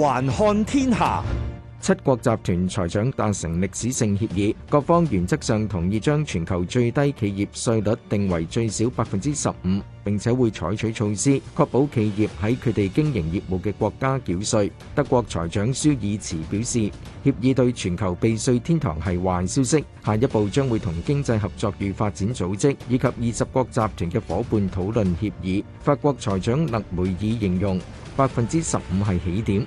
環看天下，七國集團財長達成歷史性協議，各方原則上同意將全球最低企業稅率定為最少百分之十五，並且會採取措施確保企業喺佢哋經營業務嘅國家繳稅。德國財長舒爾茨表示，協議對全球避稅天堂係壞消息。下一步將會同經濟合作與發展組織以及二十國集團嘅夥伴討論協議。法國財長勒梅爾形容，百分之十五係起點。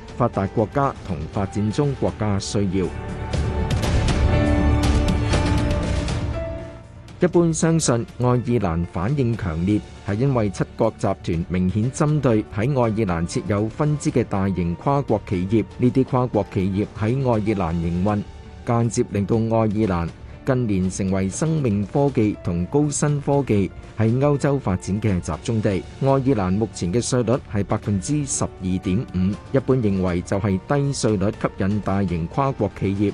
發達國家同發展中國家需要。一般相信愛爾蘭反應強烈，係因為七國集團明顯針對喺愛爾蘭設有分支嘅大型跨國企業。呢啲跨國企業喺愛爾蘭營運，間接令到愛爾蘭。近年成為生命科技同高新科技喺歐洲發展嘅集中地。愛爾蘭目前嘅稅率係百分之十二點五，一般認為就係低稅率吸引大型跨國企業。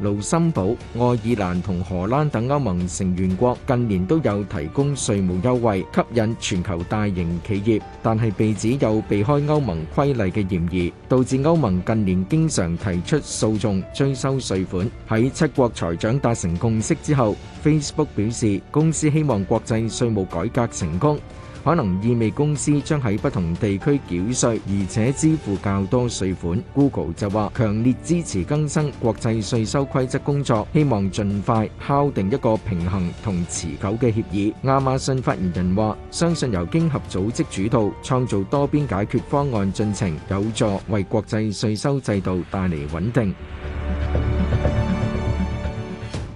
盧森堡、愛爾蘭同荷蘭等歐盟成員國近年都有提供稅務優惠，吸引全球大型企業，但係被指有避開歐盟規例嘅嫌疑，導致歐盟近年經常提出訴訟追收稅款。喺七國財長達成共識之後，Facebook 表示公司希望國際稅務改革成功。，可能意味公司將喺不同地區繳稅，而且支付較多稅款。Google 就話強烈支持更新國際稅收規則工作，希望盡快敲定一個平衡同持久嘅協議。亞馬遜發言人話，相信由經合組織主導，創造多邊解決方案進程，有助為國際稅收制度帶嚟穩定。Thank、you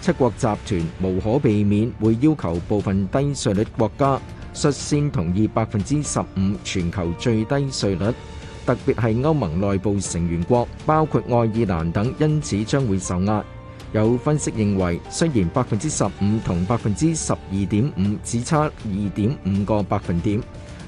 七國集團無可避免會要求部分低稅率國家率先同意百分之十五全球最低稅率，特別係歐盟內部成員國，包括愛爾蘭等，因此將會受壓。有分析認為，雖然百分之十五同百分之十二點五只差二點五個百分點。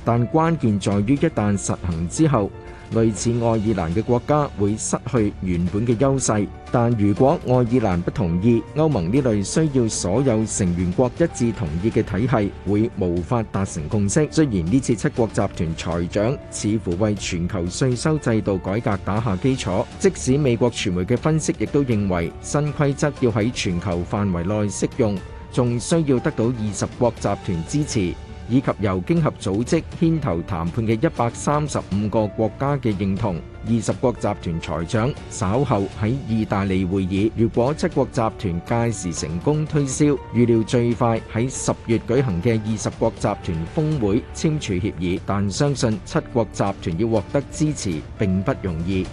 但關鍵在於，一旦實行之後，類似愛爾蘭嘅國家會失去原本嘅優勢。但如果愛爾蘭不同意，歐盟呢類需要所有成員國一致同意嘅體系會無法達成共識。雖然呢次七國集團財長似乎為全球稅收制度改革打下基礎，即使美國傳媒嘅分析亦都認為新規則要喺全球範圍內適用，仲需要得到二十國集團支持。以及由經合組織牽頭談判嘅一百三十五個國家嘅認同，二十國集團財長稍後喺意大利會議。如果七國集團屆時成功推銷，預料最快喺十月舉行嘅二十國集團峰會簽署協議。但相信七國集團要獲得支持並不容易。